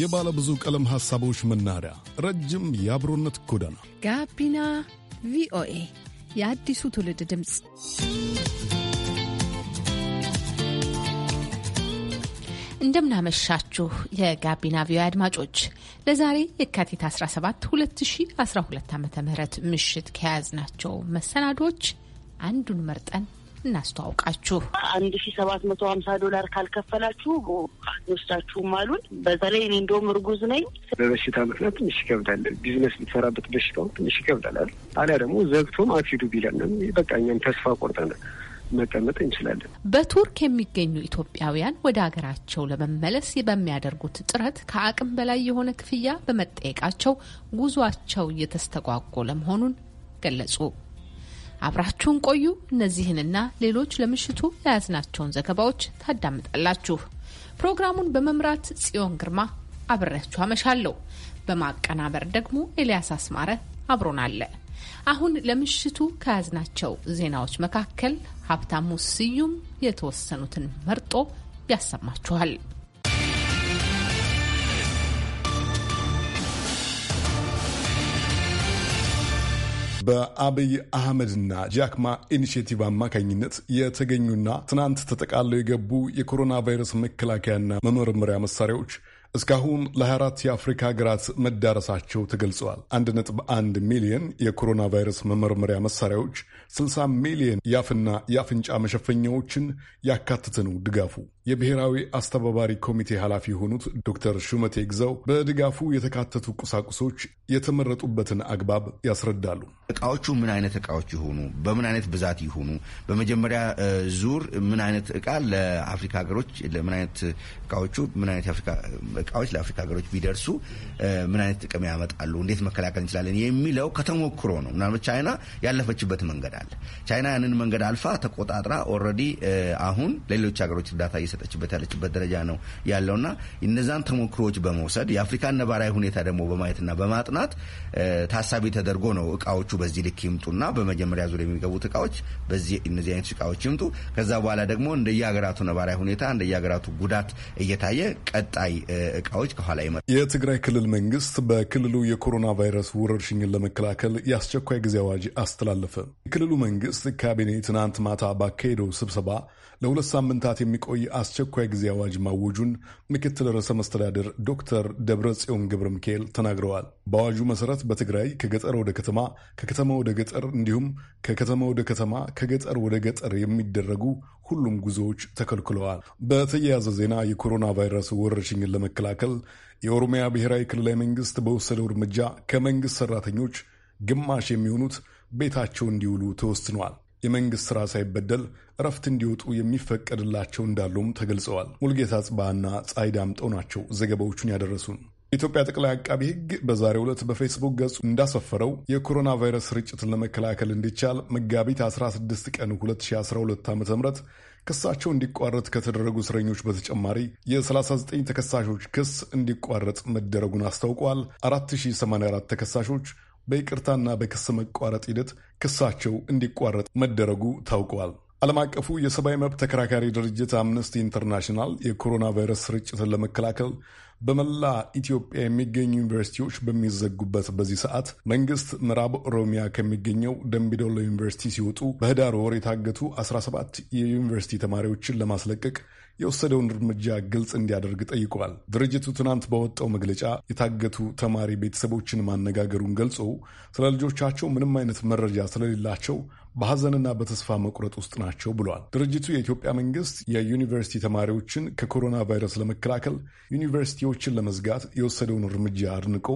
የባለ ብዙ ቀለም ሐሳቦች መናኸሪያ፣ ረጅም የአብሮነት ጎዳና ጋቢና ቪኦኤ የአዲሱ ትውልድ ድምፅ። እንደምናመሻችሁ የጋቢና ቪኦኤ አድማጮች፣ ለዛሬ የካቲት 17 2012 ዓ ም ምሽት ከያዝናቸው መሰናዶች አንዱን መርጠን እናስተዋውቃችሁ። አንድ ሺ ሰባት መቶ ሀምሳ ዶላር ካልከፈላችሁ አንወስዳችሁም አሉን። በተለይ እኔ እንደውም እርጉዝ ነኝ። በበሽታ ምክንያት ትንሽ ይከብዳል። ቢዝነስ የምትሰራበት በሽታው ትንሽ ይከብዳል። አሊያ ደግሞ ዘግቶም አትሂዱ ቢለንም በቃ እኛም ተስፋ ቆርጠን መቀመጥ እንችላለን። በቱርክ የሚገኙ ኢትዮጵያውያን ወደ ሀገራቸው ለመመለስ በሚያደርጉት ጥረት ከአቅም በላይ የሆነ ክፍያ በመጠየቃቸው ጉዟቸው እየተስተጓጎለ መሆኑን ገለጹ። አብራችሁን ቆዩ። እነዚህንና ሌሎች ለምሽቱ የያዝናቸውን ዘገባዎች ታዳምጣላችሁ። ፕሮግራሙን በመምራት ጽዮን ግርማ አብሬያችሁ አመሻለሁ። በማቀናበር ደግሞ ኤልያስ አስማረ አብሮናለ። አሁን ለምሽቱ ከያዝናቸው ዜናዎች መካከል ሀብታሙ ስዩም የተወሰኑትን መርጦ ያሰማችኋል። በአብይ አህመድና ጃክማ ኢኒሽቲቭ አማካኝነት የተገኙና ትናንት ተጠቃለው የገቡ የኮሮና ቫይረስ መከላከያና መመርመሪያ መሳሪያዎች እስካሁን ለ24 የአፍሪካ ሀገራት መዳረሳቸው ተገልጸዋል። 1.1 ሚሊዮን የኮሮና ቫይረስ መመርመሪያ መሳሪያዎች፣ 60 ሚሊዮን የአፍና የአፍንጫ መሸፈኛዎችን ያካተተ ነው ድጋፉ። የብሔራዊ አስተባባሪ ኮሚቴ ኃላፊ የሆኑት ዶክተር ሹመቴ ግዘው በድጋፉ የተካተቱ ቁሳቁሶች የተመረጡበትን አግባብ ያስረዳሉ። እቃዎቹ ምን አይነት እቃዎች ይሆኑ፣ በምን አይነት ብዛት ይሆኑ፣ በመጀመሪያ ዙር ምን አይነት እቃ ለአፍሪካ ሀገሮች ለምን አይነት እቃዎቹ ምን አይነት እቃዎች ለአፍሪካ ሀገሮች ቢደርሱ ምን አይነት ጥቅም ያመጣሉ፣ እንዴት መከላከል እንችላለን የሚለው ከተሞክሮ ነው። ምናልባት ቻይና ያለፈችበት መንገድ አለ። ቻይና ያንን መንገድ አልፋ ተቆጣጥራ ኦልሬዲ አሁን ለሌሎች ሀገሮች እርዳታ እየሰጠችበት ያለችበት ደረጃ ነው ያለውና እነዛን ተሞክሮዎች በመውሰድ የአፍሪካን ነባራዊ ሁኔታ ደግሞ በማየትና በማጥናት ታሳቢ ተደርጎ ነው እቃዎቹ በዚህ ልክ ይምጡና በመጀመሪያ ዙር የሚገቡት እቃዎች በዚህ እነዚህ አይነት እቃዎች ይምጡ። ከዛ በኋላ ደግሞ እንደየሀገራቱ ነባራዊ ሁኔታ እንደየሀገራቱ ጉዳት እየታየ ቀጣይ እቃዎች ከኋላ ይመ የትግራይ ክልል መንግስት በክልሉ የኮሮና ቫይረስ ወረርሽኝን ለመከላከል የአስቸኳይ ጊዜ አዋጅ አስተላለፈ። የክልሉ መንግስት ካቢኔ ትናንት ማታ ባካሄደው ስብሰባ ለሁለት ሳምንታት የሚቆይ አስቸኳይ ጊዜ አዋጅ ማወጁን ምክትል ርዕሰ መስተዳድር ዶክተር ደብረ ጽዮን ገብረ ሚካኤል ተናግረዋል። በአዋጁ መሰረት በትግራይ ከገጠር ወደ ከተማ፣ ከከተማ ወደ ገጠር እንዲሁም ከከተማ ወደ ከተማ፣ ከገጠር ወደ ገጠር የሚደረጉ ሁሉም ጉዞዎች ተከልክለዋል። በተያያዘ ዜና የኮሮና ቫይረስ ወረርሽኝን ለመከላከል የኦሮሚያ ብሔራዊ ክልላዊ መንግስት በወሰደው እርምጃ ከመንግስት ሰራተኞች ግማሽ የሚሆኑት ቤታቸው እንዲውሉ ተወስኗል። የመንግስት ሥራ ሳይበደል እረፍት እንዲወጡ የሚፈቀድላቸው እንዳሉም ተገልጸዋል። ሙልጌታ ጽባና ፀሐይ ዳምጠው ናቸው ዘገባዎቹን ያደረሱን። የኢትዮጵያ ጠቅላይ አቃቢ ሕግ በዛሬው ዕለት በፌስቡክ ገጹ እንዳሰፈረው የኮሮና ቫይረስ ስርጭትን ለመከላከል እንዲቻል መጋቢት 16 ቀን 2012 ዓ ም ክሳቸው እንዲቋረጥ ከተደረጉ እስረኞች በተጨማሪ የ39 ተከሳሾች ክስ እንዲቋረጥ መደረጉን አስታውቋል። 4084 ተከሳሾች በይቅርታና በክስ መቋረጥ ሂደት ክሳቸው እንዲቋረጥ መደረጉ ታውቋል። ዓለም አቀፉ የሰብአዊ መብት ተከራካሪ ድርጅት አምነስቲ ኢንተርናሽናል የኮሮና ቫይረስ ስርጭትን ለመከላከል በመላ ኢትዮጵያ የሚገኙ ዩኒቨርሲቲዎች በሚዘጉበት በዚህ ሰዓት መንግስት ምዕራብ ኦሮሚያ ከሚገኘው ደምቢዶሎ ዩኒቨርሲቲ ሲወጡ በህዳር ወር የታገቱ 17 የዩኒቨርሲቲ ተማሪዎችን ለማስለቀቅ የወሰደውን እርምጃ ግልጽ እንዲያደርግ ጠይቋል። ድርጅቱ ትናንት በወጣው መግለጫ የታገቱ ተማሪ ቤተሰቦችን ማነጋገሩን ገልጾ ስለ ልጆቻቸው ምንም አይነት መረጃ ስለሌላቸው በሐዘንና በተስፋ መቁረጥ ውስጥ ናቸው ብሏል። ድርጅቱ የኢትዮጵያ መንግስት የዩኒቨርሲቲ ተማሪዎችን ከኮሮና ቫይረስ ለመከላከል ዩኒቨርሲቲዎችን ለመዝጋት የወሰደውን እርምጃ አድንቆ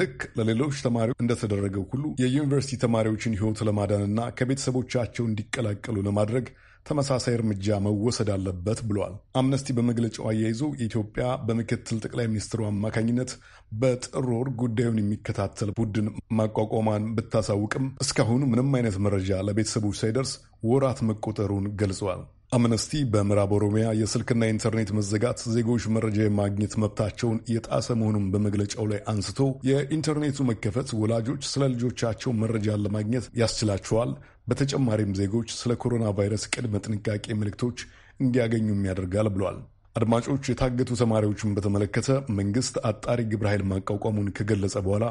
ልክ ለሌሎች ተማሪዎች እንደተደረገው ሁሉ የዩኒቨርሲቲ ተማሪዎችን ሕይወት ለማዳንና ከቤተሰቦቻቸው እንዲቀላቀሉ ለማድረግ ተመሳሳይ እርምጃ መወሰድ አለበት ብሏል። አምነስቲ በመግለጫው አያይዞ የኢትዮጵያ በምክትል ጠቅላይ ሚኒስትሩ አማካኝነት በጥር ወር ጉዳዩን የሚከታተል ቡድን ማቋቋሟን ብታሳውቅም እስካሁን ምንም አይነት መረጃ ለቤተሰቦች ሳይደርስ ወራት መቆጠሩን ገልጸዋል። አምነስቲ በምዕራብ ኦሮሚያ የስልክና ኢንተርኔት መዘጋት ዜጎች መረጃ የማግኘት መብታቸውን የጣሰ መሆኑን በመግለጫው ላይ አንስቶ የኢንተርኔቱ መከፈት ወላጆች ስለ ልጆቻቸው መረጃን ለማግኘት ያስችላቸዋል በተጨማሪም ዜጎች ስለ ኮሮና ቫይረስ ቅድመ ጥንቃቄ ምልክቶች እንዲያገኙም ያደርጋል ብሏል። አድማጮች፣ የታገቱ ተማሪዎችን በተመለከተ መንግስት አጣሪ ግብረ ኃይል ማቋቋሙን ከገለጸ በኋላ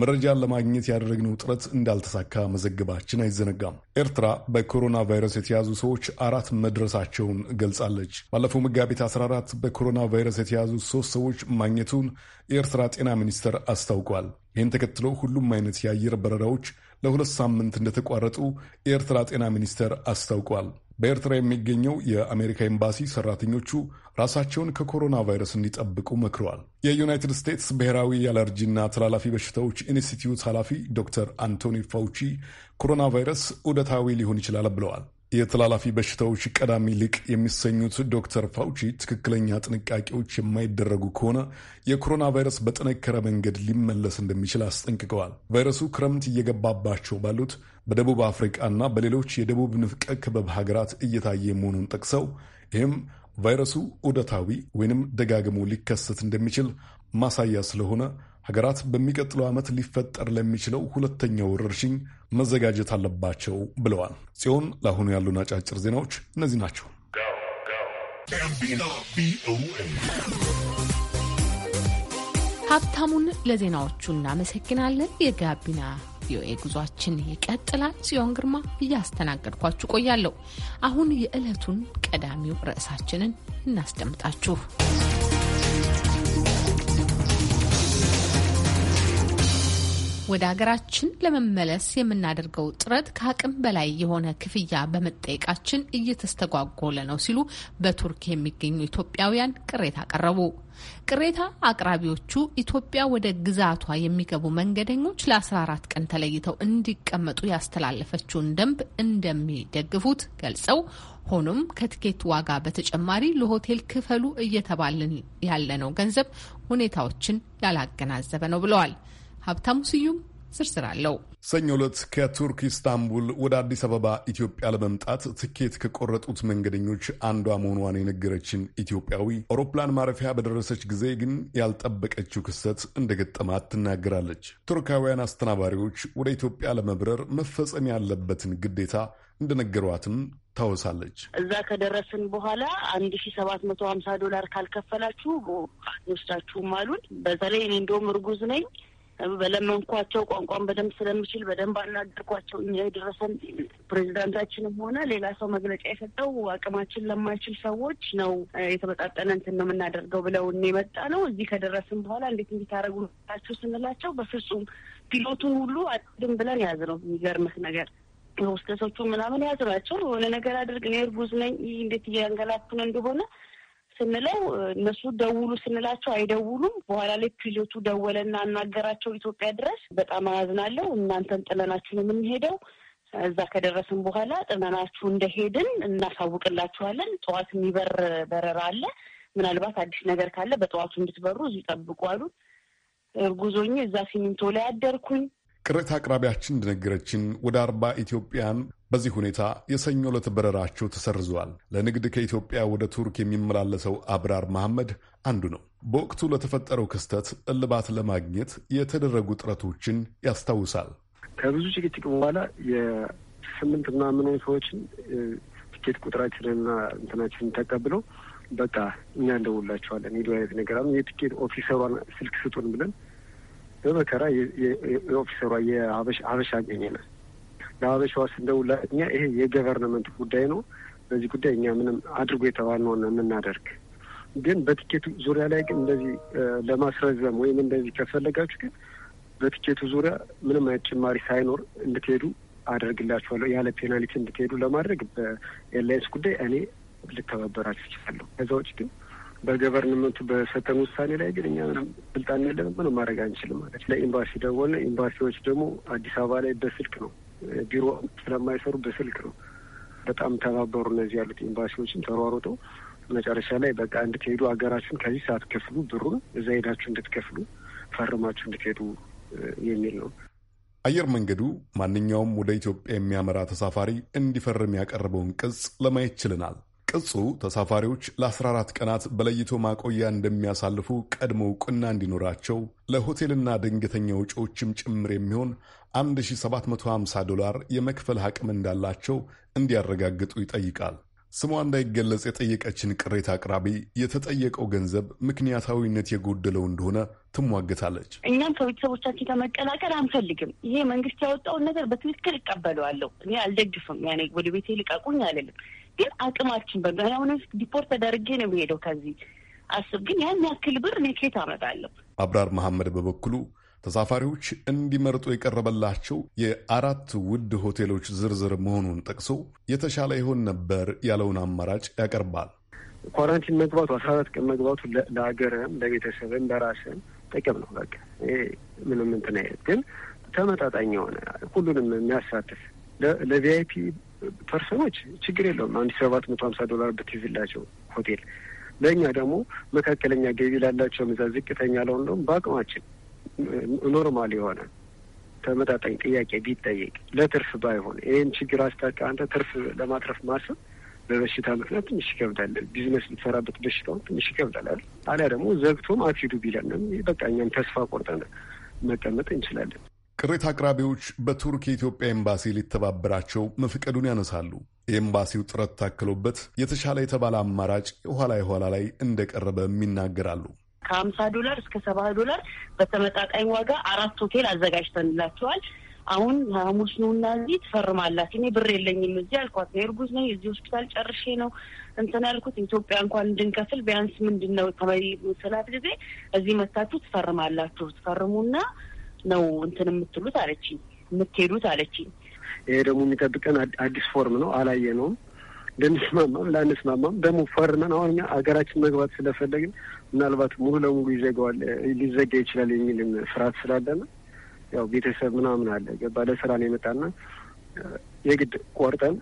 መረጃን ለማግኘት ያደረግነው ጥረት እንዳልተሳካ መዘገባችን አይዘነጋም። ኤርትራ በኮሮና ቫይረስ የተያዙ ሰዎች አራት መድረሳቸውን ገልጻለች። ባለፈው መጋቢት 14 በኮሮና ቫይረስ የተያዙ ሶስት ሰዎች ማግኘቱን የኤርትራ ጤና ሚኒስቴር አስታውቋል። ይህን ተከትሎ ሁሉም አይነት የአየር በረራዎች ለሁለት ሳምንት እንደተቋረጡ የኤርትራ ጤና ሚኒስቴር አስታውቋል። በኤርትራ የሚገኘው የአሜሪካ ኤምባሲ ሰራተኞቹ ራሳቸውን ከኮሮና ቫይረስ እንዲጠብቁ መክረዋል። የዩናይትድ ስቴትስ ብሔራዊ የአለርጂና ተላላፊ በሽታዎች ኢንስቲትዩት ኃላፊ ዶክተር አንቶኒ ፋውቺ ኮሮና ቫይረስ ዑደታዊ ሊሆን ይችላል ብለዋል። የተላላፊ በሽታዎች ቀዳሚ ሊቅ የሚሰኙት ዶክተር ፋውቺ ትክክለኛ ጥንቃቄዎች የማይደረጉ ከሆነ የኮሮና ቫይረስ በጠነከረ መንገድ ሊመለስ እንደሚችል አስጠንቅቀዋል። ቫይረሱ ክረምት እየገባባቸው ባሉት በደቡብ አፍሪቃና በሌሎች የደቡብ ንፍቀ ክበብ ሀገራት እየታየ መሆኑን ጠቅሰው ይህም ቫይረሱ ዑደታዊ ወይንም ደጋግሞ ሊከሰት እንደሚችል ማሳያ ስለሆነ ሀገራት በሚቀጥለው ዓመት ሊፈጠር ለሚችለው ሁለተኛው ወረርሽኝ መዘጋጀት አለባቸው ብለዋል። ጽዮን፣ ለአሁኑ ያሉን አጫጭር ዜናዎች እነዚህ ናቸው። ሀብታሙን ለዜናዎቹ እናመሰግናለን። የጋቢና ቪኦኤ ጉዟችን ይቀጥላል። ጽዮን ግርማ እያስተናገድኳችሁ ቆያለሁ። አሁን የዕለቱን ቀዳሚው ርዕሳችንን እናስደምጣችሁ። ወደ ሀገራችን ለመመለስ የምናደርገው ጥረት ከአቅም በላይ የሆነ ክፍያ በመጠየቃችን እየተስተጓጎለ ነው ሲሉ በቱርክ የሚገኙ ኢትዮጵያውያን ቅሬታ አቀረቡ። ቅሬታ አቅራቢዎቹ ኢትዮጵያ ወደ ግዛቷ የሚገቡ መንገደኞች ለ14 ቀን ተለይተው እንዲቀመጡ ያስተላለፈችውን ደንብ እንደሚደግፉት ገልጸው ሆኖም ከትኬት ዋጋ በተጨማሪ ለሆቴል ክፈሉ እየተባልን ያለነው ገንዘብ ሁኔታዎችን ያላገናዘበ ነው ብለዋል። ሀብታሙ ስዩም ዝርዝር አለው። ሰኞ ዕለት ከቱርክ ኢስታንቡል ወደ አዲስ አበባ ኢትዮጵያ ለመምጣት ትኬት ከቆረጡት መንገደኞች አንዷ መሆኗን የነገረችን ኢትዮጵያዊ አውሮፕላን ማረፊያ በደረሰች ጊዜ ግን ያልጠበቀችው ክስተት እንደገጠማት ትናገራለች። ቱርካውያን አስተናባሪዎች ወደ ኢትዮጵያ ለመብረር መፈጸም ያለበትን ግዴታ እንደነገሯትም ታወሳለች። እዛ ከደረስን በኋላ አንድ ሺ ሰባት መቶ ሀምሳ ዶላር ካልከፈላችሁ ወስዳችሁም አሉን። በተለይ እኔ እንደውም እርጉዝ ነኝ በለመንኳቸው ቋንቋን በደንብ ስለምችል በደንብ አናገርኳቸው። እኛ የደረሰን ፕሬዚዳንታችንም ሆነ ሌላ ሰው መግለጫ የሰጠው አቅማችን ለማይችል ሰዎች ነው የተመጣጠነ እንትን ነው የምናደርገው ብለው የመጣ ነው። እዚህ ከደረስን በኋላ እንዴት እንዲታደረጉ ናችሁ ስንላቸው በፍጹም ፒሎቱን ሁሉ አድም ብለን ያዝ ነው። የሚገርምህ ነገር ሆስተሶቹ ምናምን ያዝ ናቸው የሆነ ነገር አድርግ እኔ እርጉዝ ነኝ እንዴት እያንገላቱን እንደሆነ ስንለው እነሱ ደውሉ ስንላቸው አይደውሉም። በኋላ ላይ ፒሎቱ ደወለና አናገራቸው ኢትዮጵያ ድረስ። በጣም አያዝናለሁ፣ እናንተን ጥለናችሁ ነው የምንሄደው። እዛ ከደረስን በኋላ ጥለናችሁ እንደሄድን እናሳውቅላችኋለን። ጠዋት የሚበር በረራ አለ፣ ምናልባት አዲስ ነገር ካለ በጠዋቱ እንድትበሩ እዚህ ጠብቁ አሉን። ጉዞኜ እዛ ሲሚንቶ ላይ አደርኩኝ። ቅሬታ አቅራቢያችን እንደነገረችን ወደ አርባ ኢትዮጵያን በዚህ ሁኔታ የሰኞ ዕለት በረራቸው ተሰርዘዋል። ለንግድ ከኢትዮጵያ ወደ ቱርክ የሚመላለሰው አብራር መሐመድ አንዱ ነው። በወቅቱ ለተፈጠረው ክስተት እልባት ለማግኘት የተደረጉ ጥረቶችን ያስታውሳል። ከብዙ ጭቅጭቅ በኋላ የስምንት ምናምን ሰዎችን ትኬት ቁጥራችንና እንትናችንን ተቀብለው በቃ እኛ እንደውላቸዋለን ሄዱ አይነት ነገር የትኬት ኦፊሰሯን ስልክ ስጡን ብለን በመከራ የኦፊሰሯ የሀበሻ አገኘናል። ለሀበሻዋ ስንደውላኛ ይሄ የገቨርንመንት ጉዳይ ነው። በዚህ ጉዳይ እኛ ምንም አድርጎ የተባልነው ነው የምናደርግ። ግን በትኬቱ ዙሪያ ላይ ግን እንደዚህ ለማስረዘም ወይም እንደዚህ ከፈለጋችሁ ግን በትኬቱ ዙሪያ ምንም አይነት ጭማሪ ሳይኖር እንድትሄዱ አደርግላችኋለሁ። ያለ ፔናሊቲ እንድትሄዱ ለማድረግ በኤርላይንስ ጉዳይ እኔ ልተባበራችሁ እችላለሁ። ከዛ ውጭ ግን በገቨርንመንቱ በሰጠን ውሳኔ ላይ ግን እኛ ምንም ስልጣን የለንም፣ ምንም ማድረግ አንችልም ማለት ለኤምባሲ ደወልን። ኤምባሲዎች ደግሞ አዲስ አበባ ላይ በስልክ ነው ቢሮ ስለማይሰሩ በስልክ ነው። በጣም ተባበሩ እነዚህ ያሉት ኤምባሲዎችን ተሯሩጠው መጨረሻ ላይ በቃ እንድትሄዱ ሀገራችን ከዚህ ሰዓት ከፍሉ ብሩን እዛ ሄዳችሁ እንድትከፍሉ ፈርማችሁ እንድትሄዱ የሚል ነው። አየር መንገዱ ማንኛውም ወደ ኢትዮጵያ የሚያመራ ተሳፋሪ እንዲፈርም ያቀረበውን ቅጽ ለማየት ችለናል። ቅጹ ተሳፋሪዎች ለ14 ቀናት በለይቶ ማቆያ እንደሚያሳልፉ ቀድሞ ቁና እንዲኖራቸው ለሆቴልና ድንገተኛ ወጪዎችም ጭምር የሚሆን 1750 ዶላር የመክፈል አቅም እንዳላቸው እንዲያረጋግጡ ይጠይቃል። ስሟ እንዳይገለጽ የጠየቀችን ቅሬታ አቅራቢ የተጠየቀው ገንዘብ ምክንያታዊነት የጎደለው እንደሆነ ትሟገታለች። እኛም ከቤተሰቦቻችን ከመቀላቀል አንፈልግም። ይሄ መንግስት ያወጣውን ነገር በትክክል እቀበለዋለሁ። እኔ አልደግፍም። ያኔ ወደ ቤቴ ልቀቁኝ አልልም። ግን አቅማችን በሆነ ዲፖርት ተደርጌ ነው የሚሄደው ከዚህ አስብ ግን ያን ያክል ብር እኔ አመጣለሁ? አብራር መሐመድ በበኩሉ ተሳፋሪዎች እንዲመርጡ የቀረበላቸው የአራት ውድ ሆቴሎች ዝርዝር መሆኑን ጠቅሶ የተሻለ ይሆን ነበር ያለውን አማራጭ ያቀርባል። ኳራንቲን መግባቱ አስራ አራት ቀን መግባቱ ለሀገርም ለቤተሰብም ለራስም ጥቅም ነው። በቃ ምንም እንትን አይነት ግን ተመጣጣኝ የሆነ ሁሉንም የሚያሳትፍ ለቪአይፒ ፐርሰኖች ችግር የለውም አንድ ሰባት መቶ ሀምሳ ዶላር ብትይዝላቸው ሆቴል ለእኛ ደግሞ መካከለኛ ገቢ ላላቸውም እዛ ዝቅተኛ ለሆን ደም በአቅማችን ኖርማል የሆነ ተመጣጣኝ ጥያቄ ቢጠየቅ ለትርፍ ባይሆን ይህን ችግር አስታቀ አንተ ትርፍ ለማትረፍ ማስብ በበሽታ ምክንያት ትንሽ ይከብዳል። ቢዝነስ ብትሰራበት በሽታውን ትንሽ ይከብዳል አሊያ ደግሞ ዘግቶም አትሂዱ ቢለንም በቃ እኛም ተስፋ ቆርጠን መቀመጥ እንችላለን። ቅሬታ አቅራቢዎች በቱርክ የኢትዮጵያ ኤምባሲ ሊተባበራቸው መፍቀዱን ያነሳሉ። የኤምባሲው ጥረት ታክሎበት የተሻለ የተባለ አማራጭ የኋላ የኋላ ላይ እንደቀረበም ይናገራሉ። ከሀምሳ ዶላር እስከ ሰባ ዶላር በተመጣጣኝ ዋጋ አራት ሆቴል አዘጋጅተንላቸዋል። አሁን ሐሙስ ነው እና እዚህ ትፈርማላት። እኔ ብር የለኝም እዚህ አልኳት። ነው እርጉዝ ነኝ፣ እዚህ ሆስፒታል ጨርሼ ነው እንትን ያልኩት። ኢትዮጵያ እንኳን እንድንከፍል ቢያንስ ምንድን ነው ተመይ ስላት ጊዜ እዚህ መታችሁ ትፈርማላችሁ፣ ትፈርሙና ነው እንትን የምትሉት አለች የምትሄዱት አለች ይሄ ደግሞ የሚጠብቀን አዲስ ፎርም ነው፣ አላየነውም። ልንስማማም ላንስማማም ደግሞ ፈርመን አሁን እኛ ሀገራችን መግባት ስለፈለግን ምናልባት ሙሉ ለሙሉ ይዘገዋል ሊዘጋ ይችላል የሚልም ፍርሃት ስላለና ያው ቤተሰብ ምናምን አለ ገባ ለስራ ነው የመጣና የግድ ቆርጠን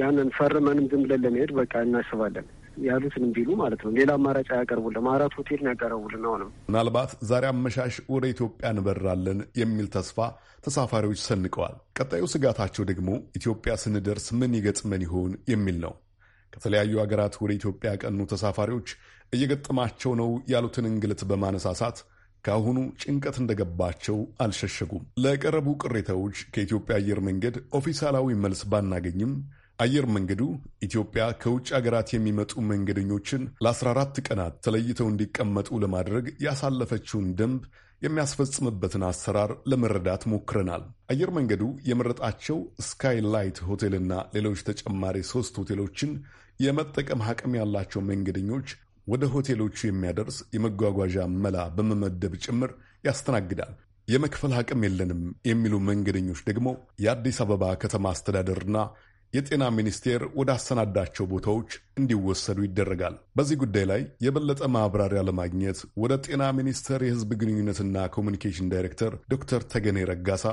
ያንን ፈርመንም ዝም ብለን ለመሄድ በቃ እናስባለን። ያሉትን ቢሉ ማለት ነው። ሌላ አማራጭ አያቀርቡልም። አራት ሆቴል ነው ያቀረቡልን። አሁንም ምናልባት ዛሬ አመሻሽ ወደ ኢትዮጵያ እንበራለን የሚል ተስፋ ተሳፋሪዎች ሰንቀዋል። ቀጣዩ ስጋታቸው ደግሞ ኢትዮጵያ ስንደርስ ምን ይገጥመን ይሆን የሚል ነው። ከተለያዩ ሀገራት ወደ ኢትዮጵያ ያቀኑ ተሳፋሪዎች እየገጠማቸው ነው ያሉትን እንግልት በማነሳሳት ከአሁኑ ጭንቀት እንደገባቸው አልሸሸጉም። ለቀረቡ ቅሬታዎች ከኢትዮጵያ አየር መንገድ ኦፊሳላዊ መልስ ባናገኝም አየር መንገዱ ኢትዮጵያ ከውጭ ሀገራት የሚመጡ መንገደኞችን ለ14 ቀናት ተለይተው እንዲቀመጡ ለማድረግ ያሳለፈችውን ደንብ የሚያስፈጽምበትን አሰራር ለመረዳት ሞክረናል። አየር መንገዱ የመረጣቸው ስካይላይት ሆቴልና ሌሎች ተጨማሪ ሶስት ሆቴሎችን የመጠቀም አቅም ያላቸው መንገደኞች ወደ ሆቴሎቹ የሚያደርስ የመጓጓዣ መላ በመመደብ ጭምር ያስተናግዳል። የመክፈል አቅም የለንም የሚሉ መንገደኞች ደግሞ የአዲስ አበባ ከተማ አስተዳደርና የጤና ሚኒስቴር ወዳሰናዳቸው ቦታዎች እንዲወሰዱ ይደረጋል። በዚህ ጉዳይ ላይ የበለጠ ማብራሪያ ለማግኘት ወደ ጤና ሚኒስቴር የህዝብ ግንኙነትና ኮሚኒኬሽን ዳይሬክተር ዶክተር ተገኔ ረጋሳ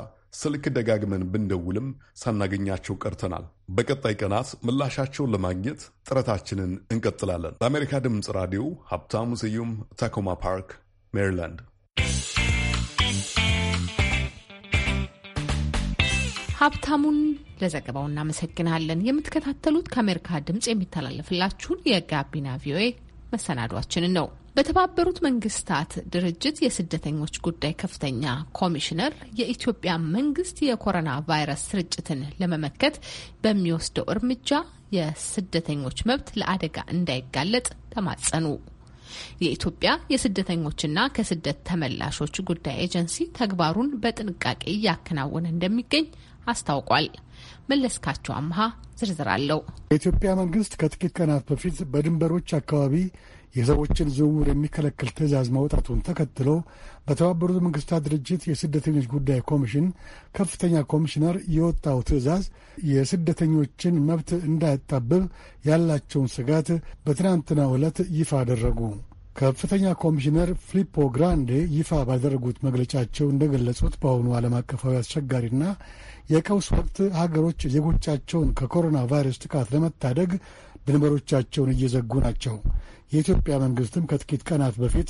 ስልክ ደጋግመን ብንደውልም ሳናገኛቸው ቀርተናል። በቀጣይ ቀናት ምላሻቸውን ለማግኘት ጥረታችንን እንቀጥላለን። ለአሜሪካ ድምፅ ራዲዮ ሀብታሙ ስዩም ታኮማ ፓርክ ሜሪላንድ ሀብታሙን ለዘገባው እናመሰግናለን። የምትከታተሉት ከአሜሪካ ድምፅ የሚተላለፍላችሁን የጋቢና ቪኦኤ መሰናዷችንን ነው። በተባበሩት መንግስታት ድርጅት የስደተኞች ጉዳይ ከፍተኛ ኮሚሽነር የኢትዮጵያ መንግስት የኮሮና ቫይረስ ስርጭትን ለመመከት በሚወስደው እርምጃ የስደተኞች መብት ለአደጋ እንዳይጋለጥ ተማጸኑ። የኢትዮጵያ የስደተኞችና ከስደት ተመላሾች ጉዳይ ኤጀንሲ ተግባሩን በጥንቃቄ እያከናወነ እንደሚገኝ አስታውቋል። መለስካቸው አምሃ ዝርዝር አለው። የኢትዮጵያ መንግስት ከጥቂት ቀናት በፊት በድንበሮች አካባቢ የሰዎችን ዝውውር የሚከለክል ትዕዛዝ ማውጣቱን ተከትሎ በተባበሩት መንግስታት ድርጅት የስደተኞች ጉዳይ ኮሚሽን ከፍተኛ ኮሚሽነር የወጣው ትዕዛዝ የስደተኞችን መብት እንዳያጣብብ ያላቸውን ስጋት በትናንትናው ዕለት ይፋ አደረጉ። ከፍተኛ ኮሚሽነር ፊሊፖ ግራንዴ ይፋ ባደረጉት መግለጫቸው እንደገለጹት በአሁኑ ዓለም አቀፋዊ አስቸጋሪና የቀውስ ወቅት ሀገሮች ዜጎቻቸውን ከኮሮና ቫይረስ ጥቃት ለመታደግ ድንበሮቻቸውን እየዘጉ ናቸው። የኢትዮጵያ መንግስትም ከጥቂት ቀናት በፊት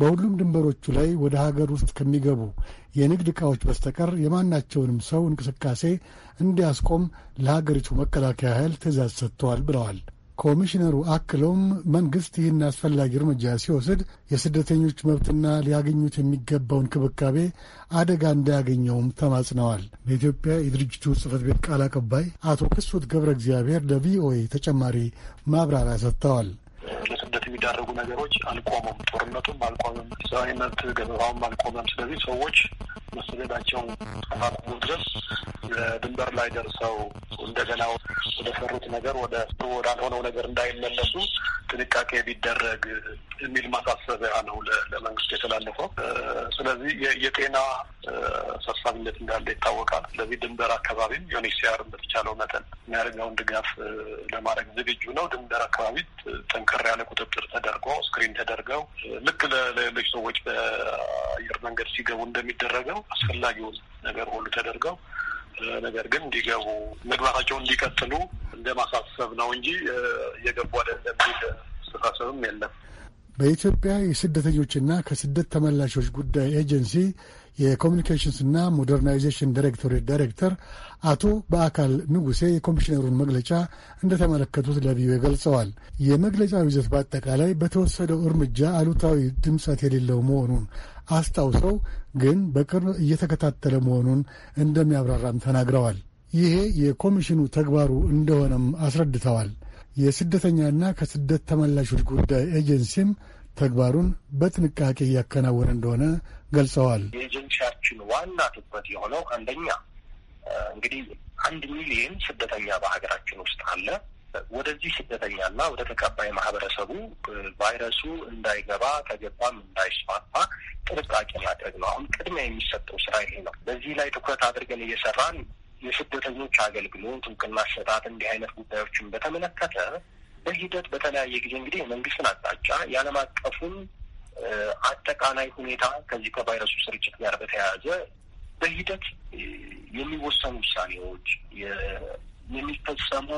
በሁሉም ድንበሮቹ ላይ ወደ ሀገር ውስጥ ከሚገቡ የንግድ ዕቃዎች በስተቀር የማናቸውንም ሰው እንቅስቃሴ እንዲያስቆም ለሀገሪቱ መከላከያ ኃይል ትእዛዝ ሰጥተዋል ብለዋል። ኮሚሽነሩ አክለውም መንግሥት ይህን አስፈላጊ እርምጃ ሲወስድ የስደተኞች መብትና ሊያገኙት የሚገባውን ክብካቤ አደጋ እንዳያገኘውም ተማጽነዋል። በኢትዮጵያ የድርጅቱ ጽፈት ቤት ቃል አቀባይ አቶ ክሱት ገብረ እግዚአብሔር ለቪኦኤ ተጨማሪ ማብራሪያ ሰጥተዋል። የሚዳረጉ ነገሮች አልቆመም። ጦርነቱም አልቆመም። ሰብአዊ መብት ገበባውም አልቆመም። ስለዚህ ሰዎች መሰደዳቸውን እስከማቆሙ ድረስ ድንበር ላይ ደርሰው እንደገና ወደ ፈሩት ነገር ወደ ወዳልሆነው ነገር እንዳይመለሱ ጥንቃቄ ቢደረግ የሚል ማሳሰቢያ ነው ለመንግስት የተላለፈው። ስለዚህ የጤና ሰብሳቢነት እንዳለ ይታወቃል። ስለዚህ ድንበር አካባቢም ዩኒሲያርን በተቻለው መጠን የሚያደርገውን ድጋፍ ለማድረግ ዝግጁ ነው። ድንበር አካባቢ ጠንከር ያለ ቁጥጥር ቁጥጥር ተደርጎ ስክሪን ተደርገው ልክ ለሌሎች ሰዎች በአየር መንገድ ሲገቡ እንደሚደረገው አስፈላጊውን ነገር ሁሉ ተደርገው ነገር ግን እንዲገቡ ምግባታቸው እንዲቀጥሉ ማሳሰብ ነው እንጂ የገቡ አይደለም የሚል አስተሳሰብም የለም። በኢትዮጵያ የስደተኞችና ከስደት ተመላሾች ጉዳይ ኤጀንሲ የኮሚኒኬሽንስና ሞደርናይዜሽን ዳይሬክቶሬት ዳይሬክተር አቶ በአካል ንጉሴ የኮሚሽነሩን መግለጫ እንደተመለከቱት ለቪኦኤ ገልጸዋል። የመግለጫው ይዘት በአጠቃላይ በተወሰደው እርምጃ አሉታዊ ድምፀት የሌለው መሆኑን አስታውሰው ግን በቅርብ እየተከታተለ መሆኑን እንደሚያብራራም ተናግረዋል። ይሄ የኮሚሽኑ ተግባሩ እንደሆነም አስረድተዋል። የስደተኛና ከስደት ተመላሾች ጉዳይ ኤጀንሲም ተግባሩን በጥንቃቄ እያከናወነ እንደሆነ ገልጸዋል። የኤጀንሲያችን ዋና ትኩረት የሆነው አንደኛ እንግዲህ አንድ ሚሊየን ስደተኛ በሀገራችን ውስጥ አለ። ወደዚህ ስደተኛና ወደ ተቀባይ ማህበረሰቡ ቫይረሱ እንዳይገባ ከገባም እንዳይስፋፋ ጥንቃቄ ማድረግ ነው። አሁን ቅድሚያ የሚሰጠው ስራ ይሄ ነው። በዚህ ላይ ትኩረት አድርገን እየሰራን የስደተኞች አገልግሎት እውቅና አሰጣጥ፣ እንዲህ አይነት ጉዳዮችን በተመለከተ በሂደት በተለያየ ጊዜ እንግዲህ የመንግስትን አቅጣጫ የዓለም አቀፉን አጠቃላይ ሁኔታ ከዚህ ከቫይረሱ ስርጭት ጋር በተያያዘ በሂደት የሚወሰኑ ውሳኔዎች የሚፈጸሙ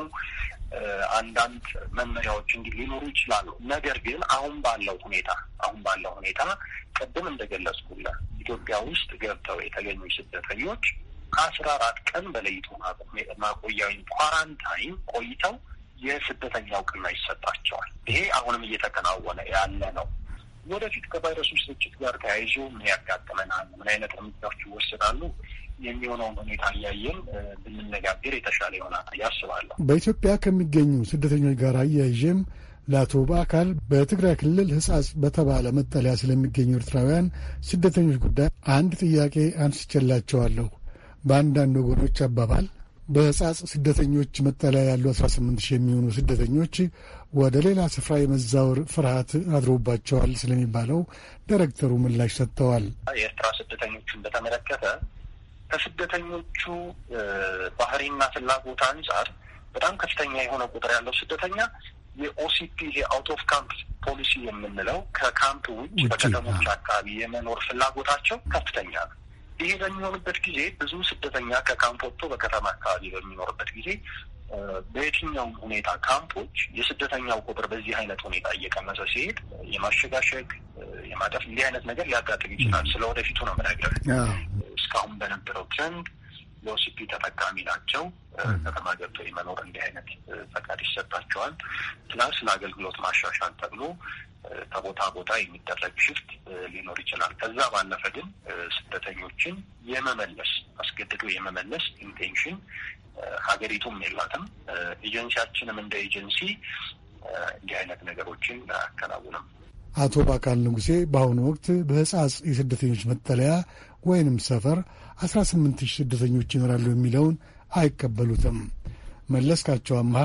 አንዳንድ መመሪያዎች እንዲህ ሊኖሩ ይችላሉ። ነገር ግን አሁን ባለው ሁኔታ አሁን ባለው ሁኔታ ቅድም እንደገለጽኩልህ ኢትዮጵያ ውስጥ ገብተው የተገኙ ስደተኞች ከአስራ አራት ቀን በለይቶ ማቆያ ወይም ኳራንታይን ቆይተው የስደተኛ እውቅና ይሰጣቸዋል። ይሄ አሁንም እየተከናወነ ያለ ነው። ወደፊት ከቫይረሱ ስርጭት ጋር ተያይዞ ምን ያጋጥመናል፣ ምን አይነት እርምጃዎች ይወሰዳሉ የሚሆነውን ሁኔታ እያየን ብንነጋገር የተሻለ ይሆናል ያስባለሁ። በኢትዮጵያ ከሚገኙ ስደተኞች ጋር አያይዤም ለአቶ በአካል በትግራይ ክልል ህጻጽ በተባለ መጠለያ ስለሚገኙ ኤርትራውያን ስደተኞች ጉዳይ አንድ ጥያቄ አንስቼላቸዋለሁ። በአንዳንድ ወገኖች አባባል በእጻጽ ስደተኞች መጠለያ ያሉ 18 ሺህ የሚሆኑ ስደተኞች ወደ ሌላ ስፍራ የመዛወር ፍርሃት አድሮባቸዋል ስለሚባለው ዳይሬክተሩ ምላሽ ሰጥተዋል። የኤርትራ ስደተኞቹን በተመለከተ ከስደተኞቹ ባህሪና ፍላጎት አንጻር በጣም ከፍተኛ የሆነ ቁጥር ያለው ስደተኛ የኦሲፒ ይሄ አውት ኦፍ ካምፕ ፖሊሲ የምንለው ከካምፕ ውጭ በከተሞች አካባቢ የመኖር ፍላጎታቸው ከፍተኛ ነው። ይሄ በሚኖርበት ጊዜ ብዙ ስደተኛ ከካምፕ ወጥቶ በከተማ አካባቢ በሚኖርበት ጊዜ በየትኛውም ሁኔታ ካምፖች የስደተኛው ቁጥር በዚህ አይነት ሁኔታ እየቀነሰ ሲሄድ የማሸጋሸግ የማጠፍ እንዲህ አይነት ነገር ሊያጋጥም ይችላል። ስለ ወደፊቱ ነው ምናገር እስካሁን በነበረው ትረንድ የኦሲፒ ተጠቃሚ ናቸው። ከተማ ገብቶ የመኖር እንዲህ አይነት ፈቃድ ይሰጣቸዋል። ፕላስ ለአገልግሎት ማሻሻል ተብሎ ከቦታ ቦታ የሚደረግ ሽፍት ሊኖር ይችላል። ከዛ ባለፈ ግን ስደተኞችን የመመለስ አስገድዶ የመመለስ ኢንቴንሽን ሀገሪቱም የላትም። ኤጀንሲያችንም እንደ ኤጀንሲ እንዲህ አይነት ነገሮችን አያከናውንም። አቶ ባካል ንጉሴ በአሁኑ ወቅት በህጻጽ የስደተኞች መጠለያ ወይንም ሰፈር 18 ስደተኞች ይኖራሉ የሚለውን አይቀበሉትም። መለስካቸው አምሃ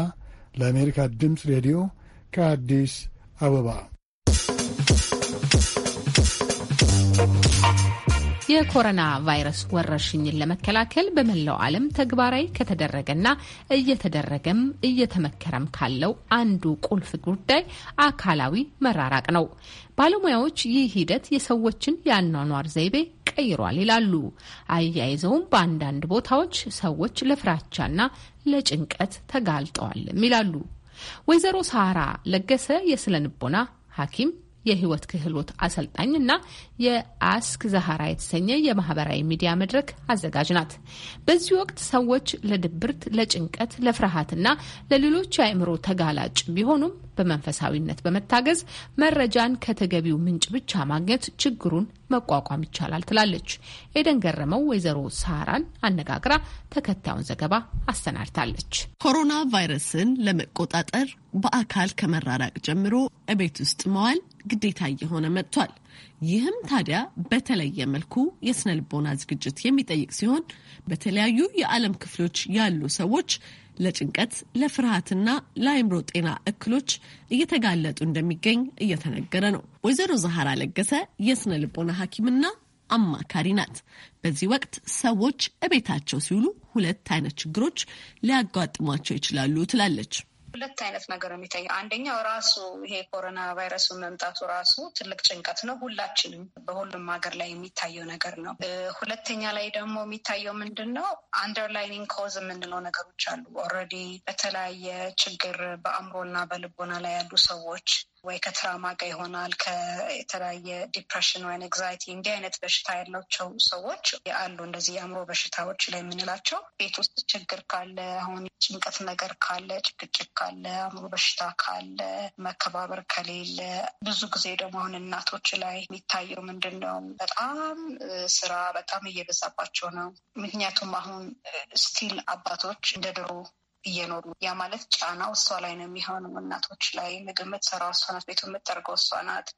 ለአሜሪካ ድምፅ ሬዲዮ ከአዲስ አበባ የኮሮና ቫይረስ ወረርሽኝን ለመከላከል በመላው ዓለም ተግባራዊ ከተደረገና እየተደረገም እየተመከረም ካለው አንዱ ቁልፍ ጉዳይ አካላዊ መራራቅ ነው። ባለሙያዎች ይህ ሂደት የሰዎችን የአኗኗር ዘይቤ ቀይሯል ይላሉ። አያይዘውም በአንዳንድ ቦታዎች ሰዎች ለፍራቻና ለጭንቀት ተጋልጠዋልም ይላሉ። ወይዘሮ ሳራ ለገሰ የስነ ልቦና ሐኪም የህይወት ክህሎት አሰልጣኝ የአስክ ዛሃራ የተሰኘ የማህበራዊ ሚዲያ መድረክ አዘጋጅ ናት። በዚህ ወቅት ሰዎች ለድብርት፣ ለጭንቀት፣ ለፍርሃትና ለሌሎች የአእምሮ ተጋላጭ ቢሆኑም በመንፈሳዊነት በመታገዝ መረጃን ከተገቢው ምንጭ ብቻ ማግኘት ችግሩን መቋቋም ይቻላል ትላለች። ኤደን ገረመው ወይዘሮ ሳራን አነጋግራ ተከታዩን ዘገባ አሰናድታለች። ኮሮና ቫይረስን ለመቆጣጠር በአካል ከመራራቅ ጀምሮ እቤት ውስጥ መዋል ግዴታ እየሆነ መጥቷል። ይህም ታዲያ በተለየ መልኩ የስነ ልቦና ዝግጅት የሚጠይቅ ሲሆን በተለያዩ የዓለም ክፍሎች ያሉ ሰዎች ለጭንቀት ለፍርሃትና ለአይምሮ ጤና እክሎች እየተጋለጡ እንደሚገኝ እየተነገረ ነው። ወይዘሮ ዛሃራ ለገሰ የስነ ልቦና ሐኪምና አማካሪ ናት። በዚህ ወቅት ሰዎች እቤታቸው ሲውሉ ሁለት አይነት ችግሮች ሊያጋጥሟቸው ይችላሉ ትላለች። ሁለት አይነት ነገር ነው የሚታየው። አንደኛው ራሱ ይሄ ኮሮና ቫይረሱ መምጣቱ ራሱ ትልቅ ጭንቀት ነው፣ ሁላችንም በሁሉም ሀገር ላይ የሚታየው ነገር ነው። ሁለተኛ ላይ ደግሞ የሚታየው ምንድን ነው አንደርላይኒንግ ኮዝ የምንለው ነገሮች አሉ። ኦልሬዲ በተለያየ ችግር በአእምሮና በልቦና ላይ ያሉ ሰዎች ወይ ከትራማ ጋር ይሆናል። ከተለያየ ዲፕሬሽን ወይ ኤግዛይቲ እንዲህ አይነት በሽታ ያላቸው ሰዎች አሉ። እንደዚህ የአእምሮ በሽታዎች ላይ የምንላቸው ቤት ውስጥ ችግር ካለ፣ አሁን ጭንቀት ነገር ካለ፣ ጭቅጭቅ ካለ፣ አእምሮ በሽታ ካለ፣ መከባበር ከሌለ፣ ብዙ ጊዜ ደግሞ አሁን እናቶች ላይ የሚታየው ምንድን ነው? በጣም ስራ በጣም እየበዛባቸው ነው። ምክንያቱም አሁን ስቲል አባቶች እንደ ድሮ እየኖሩ ያ ማለት ጫናው እሷ ላይ ነው የሚሆነው። እናቶች ላይ ምግብ የምትሰራው እሷ ናት፣ ቤቱ የምትጠርገው እሷ ናት፣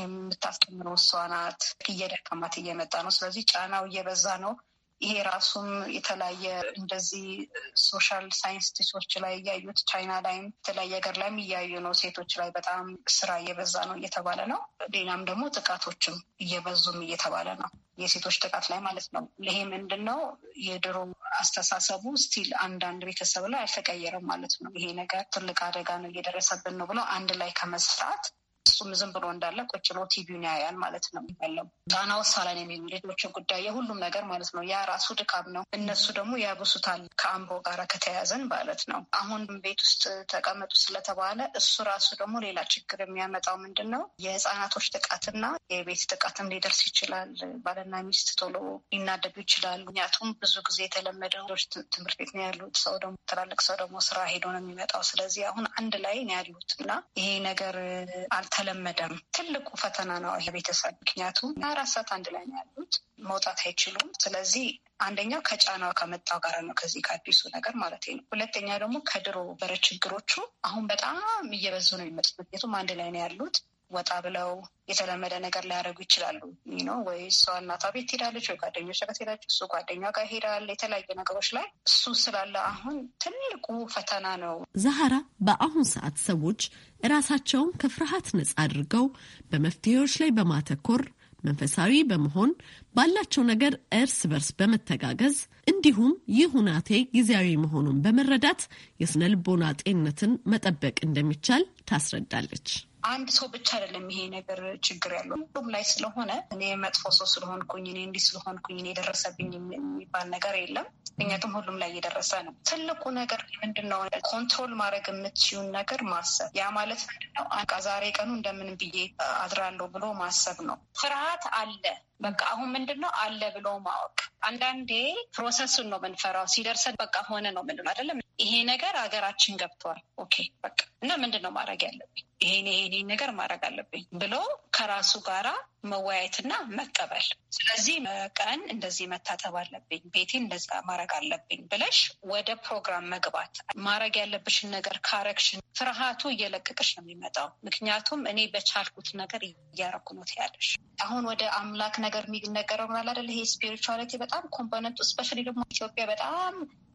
የምታስተምረው እሷ ናት። እየደከማት እየመጣ ነው። ስለዚህ ጫናው እየበዛ ነው። ይሄ ራሱም የተለያየ እንደዚህ ሶሻል ሳይንስ ላይ እያዩት ቻይና ላይም የተለያየ ሀገር ላይም እያዩ ነው። ሴቶች ላይ በጣም ስራ እየበዛ ነው እየተባለ ነው። ሌላም ደግሞ ጥቃቶችም እየበዙም እየተባለ ነው። የሴቶች ጥቃት ላይ ማለት ነው። ይሄ ምንድን ነው የድሮ አስተሳሰቡ ስቲል አንዳንድ ቤተሰብ ላይ አልተቀየረም ማለት ነው። ይሄ ነገር ትልቅ አደጋ ነው እየደረሰብን ነው ብለው አንድ ላይ ከመስራት እሱም ዝም ብሎ እንዳለ ቁጭ ብሎ ቲቪውን ያያል ማለት ነው። ያለው ጣና ውሳላን የሚሉ ጉዳይ የሁሉም ነገር ማለት ነው። ያ ራሱ ድካም ነው። እነሱ ደግሞ ያብሱታል። ከአምቦ ጋር ከተያያዘን ማለት ነው። አሁን ቤት ውስጥ ተቀመጡ ስለተባለ እሱ ራሱ ደግሞ ሌላ ችግር የሚያመጣው ምንድን ነው? የህፃናቶች ጥቃትና የቤት ጥቃትም ሊደርስ ይችላል። ባልና ሚስት ቶሎ ሊናደዱ ይችላሉ። ምክንያቱም ብዙ ጊዜ የተለመደው ትምህርት ቤት ነው ያሉት። ሰው ደግሞ ትላልቅ ሰው ደግሞ ስራ ሄዶ ነው የሚመጣው። ስለዚህ አሁን አንድ ላይ ነው ያሉት እና ይሄ ነገር አልተለመደም። ትልቁ ፈተና ነው ይሄ ቤተሰብ። ምክንያቱም አራት ሰዓት አንድ ላይ ነው ያሉት፣ መውጣት አይችሉም። ስለዚህ አንደኛው ከጫናው ከመጣው ጋር ነው ከዚህ ከአዲሱ ነገር ማለት ነው። ሁለተኛ ደግሞ ከድሮ በረ ችግሮቹ አሁን በጣም እየበዙ ነው የሚመጡት። ምክንያቱም አንድ ላይ ነው ያሉት ወጣ ብለው የተለመደ ነገር ሊያደርጉ ይችላሉ ነው ወይ እሷ እናቷ ቤት ሄዳለች፣ ወይ ጓደኞች ጋር ሄዳለች፣ እሱ ጓደኛ ጋር ሄዳል። የተለያዩ ነገሮች ላይ እሱ ስላለ አሁን ትልቁ ፈተና ነው። ዛሀራ በአሁን ሰዓት ሰዎች እራሳቸውን ከፍርሃት ነጻ አድርገው በመፍትሄዎች ላይ በማተኮር መንፈሳዊ በመሆን ባላቸው ነገር እርስ በርስ በመተጋገዝ እንዲሁም ይህ ሁናቴ ጊዜያዊ መሆኑን በመረዳት የስነ ልቦና ጤንነትን መጠበቅ እንደሚቻል ታስረዳለች። አንድ ሰው ብቻ አይደለም ይሄ ነገር ችግር ያለው ሁሉም ላይ ስለሆነ እኔ መጥፎ ሰው ስለሆንኩኝ እኔ እንዲህ ስለሆንኩኝ እኔ የደረሰብኝ የሚባል ነገር የለም። ምክንያቱም ሁሉም ላይ እየደረሰ ነው። ትልቁ ነገር ምንድነው? ኮንትሮል ማድረግ የምትችይውን ነገር ማሰብ። ያ ማለት ምንድነው ነው? ዛሬ ቀኑ እንደምን ብዬ አድራለሁ ብሎ ማሰብ ነው። ፍርሃት አለ በቃ አሁን ምንድነው አለ ብሎ ማወቅ። አንዳንዴ ፕሮሰሱን ነው ምንፈራው፣ ሲደርሰን በቃ ሆነ ነው ምንድን አይደለም። ይሄ ነገር ሀገራችን ገብቷል ኦኬ በቃ እና ምንድነው ማድረግ ያለብኝ ይሄን ይሄን ነገር ማድረግ አለብኝ ብሎ ከራሱ ጋራ መወያየትና መቀበል። ስለዚህ ቀን እንደዚህ መታተብ አለብኝ፣ ቤቴን እንደዚ ማድረግ አለብኝ ብለሽ ወደ ፕሮግራም መግባት ማድረግ ያለብሽን ነገር ካረግሽን ፍርሃቱ እየለቀቀሽ ነው የሚመጣው። ምክንያቱም እኔ በቻልኩት ነገር እያረኩ ነው ትያለሽ። አሁን ወደ አምላክ ነገር የሚነገረው ምናል አይደል? ይሄ ስፒሪቹዋሊቲ በጣም ኮምፖነንቱ ስፔሻሊ ደግሞ ኢትዮጵያ በጣም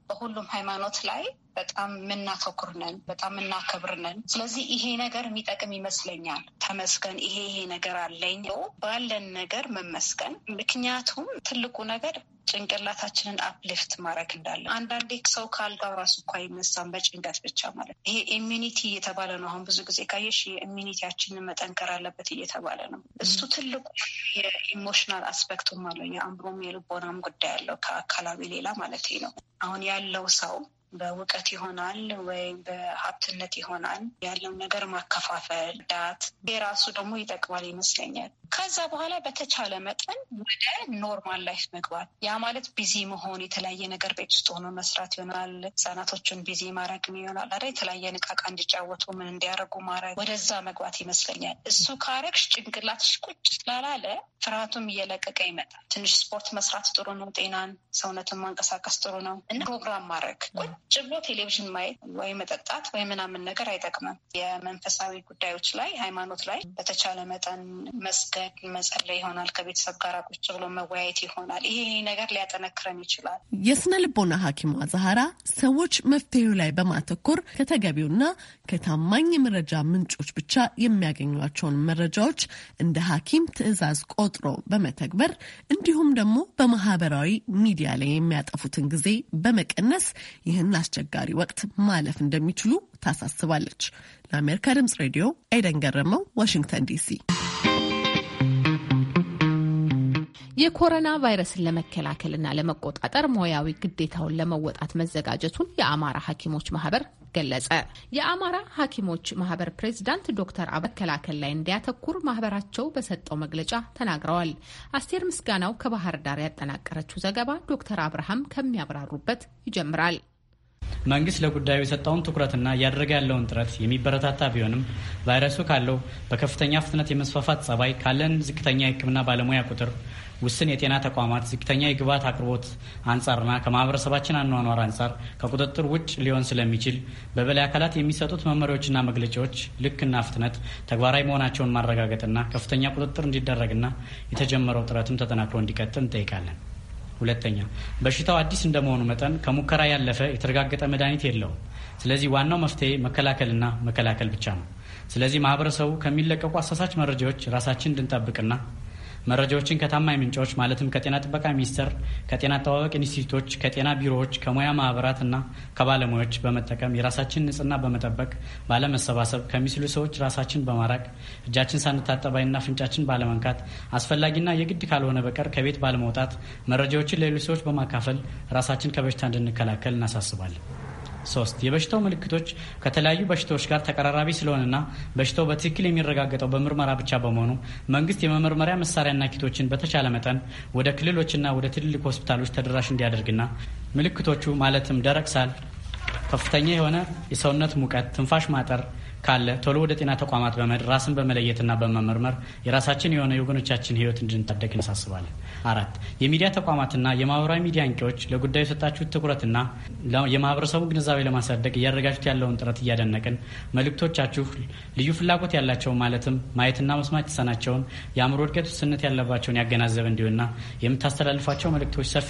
በሁሉም ሃይማኖት ላይ በጣም የምናተኩር ነን፣ በጣም የምናከብር ነን። ስለዚህ ይሄ ነገር የሚጠቅም ይመስለኛል። ተመስገን ይሄ ይሄ ነገር አለኝ ባለን ነገር መመስገን። ምክንያቱም ትልቁ ነገር ጭንቅላታችንን አፕሊፍት ማድረግ እንዳለ አንዳንዴ ሰው ከአልጋው ራሱ እኳ ይነሳም በጭንቀት ብቻ ማለት ነው። ይሄ ኢሚኒቲ እየተባለ ነው። አሁን ብዙ ጊዜ ካየሽ የኢሚኒቲያችንን መጠንከር አለበት እየተባለ ነው። እሱ ትልቁ የኢሞሽናል አስፔክቱም አለው። የአእምሮም የልቦናም ጉዳይ አለው ከአካላዊ ሌላ ማለት ነው። አሁን ያለው ሰው በእውቀት ይሆናል ወይም በሀብትነት ይሆናል ያለው ነገር ማከፋፈል ዳት የራሱ ደግሞ ይጠቅማል ይመስለኛል። ከዛ በኋላ በተቻለ መጠን ወደ ኖርማል ላይፍ መግባት፣ ያ ማለት ቢዚ መሆን፣ የተለያየ ነገር ቤት ውስጥ ሆኖ መስራት ይሆናል። ህጻናቶችን ቢዚ ማድረግም ይሆናል። ኧረ የተለያየ ንቃቃ እንዲጫወቱ ምን እንዲያደርጉ ማድረግ፣ ወደዛ መግባት ይመስለኛል። እሱ ካረግሽ ጭንቅላትሽ ቁጭ ስላላለ ፍርሃቱም እየለቀቀ ይመጣል። ትንሽ ስፖርት መስራት ጥሩ ነው። ጤናን ሰውነትን ማንቀሳቀስ ጥሩ ነው እና ፕሮግራም ማድረግ ቁጭ ብሎ ቴሌቪዥን ማየት ወይ መጠጣት ወይ ምናምን ነገር አይጠቅምም። የመንፈሳዊ ጉዳዮች ላይ ሃይማኖት ላይ በተቻለ መጠን መስገድ፣ መጸለይ ይሆናል። ከቤተሰብ ጋር ቁጭ ብሎ መወያየት ይሆናል። ይሄ ነገር ሊያጠነክረን ይችላል። የስነ ልቦና ሐኪሟ ዛህራ ሰዎች መፍትሄው ላይ በማተኮር ከተገቢውና ከታማኝ መረጃ ምንጮች ብቻ የሚያገኟቸውን መረጃዎች እንደ ሐኪም ትዕዛዝ ቆጥሮ በመተግበር እንዲሁም ደግሞ በማህበራዊ ሚዲያ ላይ የሚያጠፉትን ጊዜ በመቀነስ ይህን ይህን አስቸጋሪ ወቅት ማለፍ እንደሚችሉ ታሳስባለች። ለአሜሪካ ድምጽ ሬዲዮ ኤደን ገረመው፣ ዋሽንግተን ዲሲ። የኮሮና ቫይረስን ለመከላከልና ለመቆጣጠር ሙያዊ ግዴታውን ለመወጣት መዘጋጀቱን የአማራ ሐኪሞች ማህበር ገለጸ። የአማራ ሐኪሞች ማህበር ፕሬዚዳንት ዶክተር መከላከል ላይ እንዲያተኩር ማህበራቸው በሰጠው መግለጫ ተናግረዋል። አስቴር ምስጋናው ከባህር ዳር ያጠናቀረችው ዘገባ ዶክተር አብርሃም ከሚያብራሩበት ይጀምራል። መንግስት ለጉዳዩ የሰጠውን ትኩረትና እያደረገ ያለውን ጥረት የሚበረታታ ቢሆንም ቫይረሱ ካለው በከፍተኛ ፍጥነት የመስፋፋት ጸባይ፣ ካለን ዝቅተኛ የሕክምና ባለሙያ ቁጥር፣ ውስን የጤና ተቋማት፣ ዝቅተኛ የግብዓት አቅርቦት አንጻርና ከማህበረሰባችን አኗኗር አንጻር ከቁጥጥር ውጭ ሊሆን ስለሚችል በበላይ አካላት የሚሰጡት መመሪያዎችና መግለጫዎች ልክና ፍጥነት ተግባራዊ መሆናቸውን ማረጋገጥና ከፍተኛ ቁጥጥር እንዲደረግና የተጀመረው ጥረትም ተጠናክሮ እንዲቀጥል እንጠይቃለን። ሁለተኛ በሽታው አዲስ እንደመሆኑ መጠን ከሙከራ ያለፈ የተረጋገጠ መድኃኒት የለውም። ስለዚህ ዋናው መፍትሄ መከላከልና መከላከል ብቻ ነው። ስለዚህ ማህበረሰቡ ከሚለቀቁ አሳሳች መረጃዎች ራሳችን እንድንጠብቅና መረጃዎችን ከታማኝ ምንጮች ማለትም ከጤና ጥበቃ ሚኒስቴር፣ ከጤና አጠባበቅ ኢንስቲትዩቶች፣ ከጤና ቢሮዎች፣ ከሙያ ማህበራት እና ከባለሙያዎች በመጠቀም የራሳችን ንጽህና በመጠበቅ ባለመሰባሰብ፣ ከሚስሉ ሰዎች ራሳችን በማራቅ እጃችን ሳንታጠባይና አይንና አፍንጫችን ባለመንካት አስፈላጊና የግድ ካልሆነ በቀር ከቤት ባለመውጣት መረጃዎችን ለሌሎች ሰዎች በማካፈል ራሳችን ከበሽታ እንድንከላከል እናሳስባለን። ሶስት የበሽታው ምልክቶች ከተለያዩ በሽታዎች ጋር ተቀራራቢ ስለሆነና በሽታው በትክክል የሚረጋገጠው በምርመራ ብቻ በመሆኑ መንግስት የመመርመሪያ መሳሪያና ኪቶችን በተቻለ መጠን ወደ ክልሎችና ወደ ትልልቅ ሆስፒታሎች ተደራሽ እንዲያደርግና ምልክቶቹ ማለትም ደረቅ ሳል፣ ከፍተኛ የሆነ የሰውነት ሙቀት፣ ትንፋሽ ማጠር ካለ ቶሎ ወደ ጤና ተቋማት በመሄድ ራስን በመለየትና በመመርመር የራሳችን የሆነ የወገኖቻችን ህይወት እንድንታደግ እንሳስባለን። አራት የሚዲያ ተቋማትና የማህበራዊ ሚዲያ አንቂዎች ለጉዳዩ የሰጣችሁት ትኩረትና የማህበረሰቡን ግንዛቤ ለማሳደግ እያደረጋችሁት ያለውን ጥረት እያደነቅን መልእክቶቻችሁ ልዩ ፍላጎት ያላቸው ማለትም ማየትና መስማት የተሳናቸውን የአእምሮ እድገት ውስንነት ያለባቸውን ያገናዘብ እንዲሁና የምታስተላልፏቸው መልእክቶች ሰፊ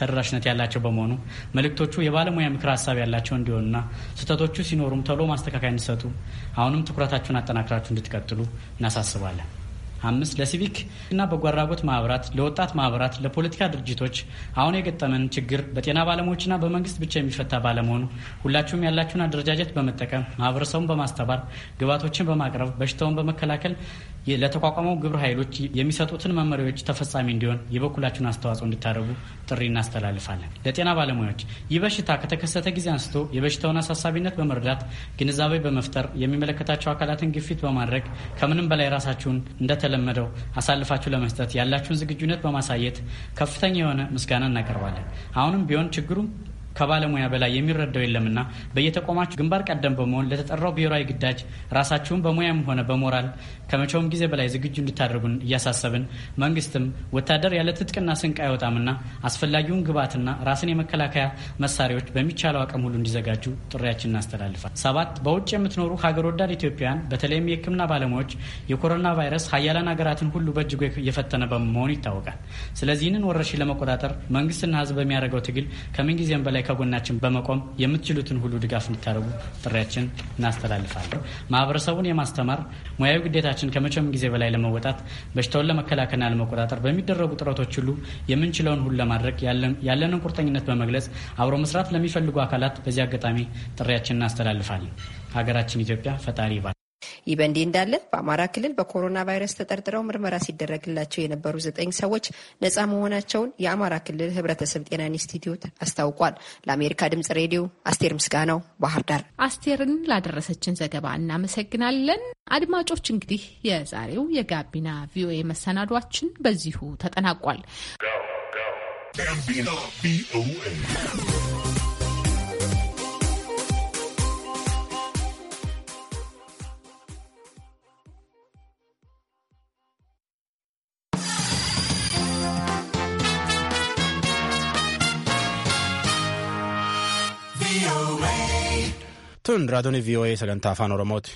ተደራሽነት ያላቸው በመሆኑ መልእክቶቹ የባለሙያ ምክር ሀሳብ ያላቸው እንዲሆኑና ስህተቶቹ ሲኖሩም ቶሎ ማስተካከያ እንዲሰጡ እንድትመለከቱ አሁንም ትኩረታችሁን አጠናክራችሁ እንድትቀጥሉ እናሳስባለን። አምስት ለሲቪክ እና በጎ አድራጎት ማህበራት፣ ለወጣት ማህበራት፣ ለፖለቲካ ድርጅቶች አሁን የገጠመን ችግር በጤና ባለሙያዎችና በመንግስት ብቻ የሚፈታ ባለመሆኑ ሁላችሁም ያላችሁን አደረጃጀት በመጠቀም ማህበረሰቡን በማስተባር ግባቶችን በማቅረብ በሽታውን በመከላከል ለተቋቋመው ግብረ ኃይሎች የሚሰጡትን መመሪያዎች ተፈጻሚ እንዲሆን የበኩላችሁን አስተዋጽኦ እንድታደርጉ ጥሪ እናስተላልፋለን። ለጤና ባለሙያዎች ይህ በሽታ ከተከሰተ ጊዜ አንስቶ የበሽታውን አሳሳቢነት በመረዳት ግንዛቤ በመፍጠር የሚመለከታቸው አካላትን ግፊት በማድረግ ከምንም በላይ ራሳችሁን እንደተለመደው አሳልፋችሁ ለመስጠት ያላችሁን ዝግጁነት በማሳየት ከፍተኛ የሆነ ምስጋና እናቀርባለን። አሁንም ቢሆን ችግሩ ከባለሙያ በላይ የሚረዳው የለምና በየተቋማችሁ ግንባር ቀደም በመሆን ለተጠራው ብሔራዊ ግዳጅ ራሳችሁን በሙያም ሆነ በሞራል ከመቼውም ጊዜ በላይ ዝግጁ እንድታደርጉን እያሳሰብን፣ መንግስትም ወታደር ያለ ትጥቅና ስንቅ አይወጣምና አስፈላጊውን ግብዓትና ራስን የመከላከያ መሳሪያዎች በሚቻለው አቅም ሁሉ እንዲዘጋጁ ጥሪያችን እናስተላልፋል። ሰባት በውጭ የምትኖሩ ሀገር ወዳድ ኢትዮጵያውያን በተለይም የሕክምና ባለሙያዎች የኮሮና ቫይረስ ሀያላን ሀገራትን ሁሉ በእጅጉ የፈተነ በመሆኑ ይታወቃል። ስለዚህ ይህንን ወረርሽኝ ለመቆጣጠር መንግስትና ህዝብ በሚያደርገው ትግል ከምንጊዜም በላይ ላይ ከጎናችን በመቆም የምትችሉትን ሁሉ ድጋፍ እንድታደርጉ ጥሪያችን እናስተላልፋለን። ማህበረሰቡን የማስተማር ሙያዊ ግዴታችን ከመቼም ጊዜ በላይ ለመወጣት በሽታውን ለመከላከልና ለመቆጣጠር በሚደረጉ ጥረቶች ሁሉ የምንችለውን ሁሉ ለማድረግ ያለንን ቁርጠኝነት በመግለጽ አብሮ መስራት ለሚፈልጉ አካላት በዚህ አጋጣሚ ጥሪያችን እናስተላልፋለን። ሀገራችን ኢትዮጵያ ፈጣሪ ይባል። ይህ በእንዲህ እንዳለ በአማራ ክልል በኮሮና ቫይረስ ተጠርጥረው ምርመራ ሲደረግላቸው የነበሩ ዘጠኝ ሰዎች ነጻ መሆናቸውን የአማራ ክልል ህብረተሰብ ጤና ኢንስቲትዩት አስታውቋል። ለአሜሪካ ድምጽ ሬዲዮ አስቴር ምስጋናው ባህር ዳር። አስቴርን ላደረሰችን ዘገባ እናመሰግናለን። አድማጮች እንግዲህ የዛሬው የጋቢና ቪኦኤ መሰናዷችን በዚሁ ተጠናቋል። Tun raadiyoon VOA sagantaa afaan Oromooti.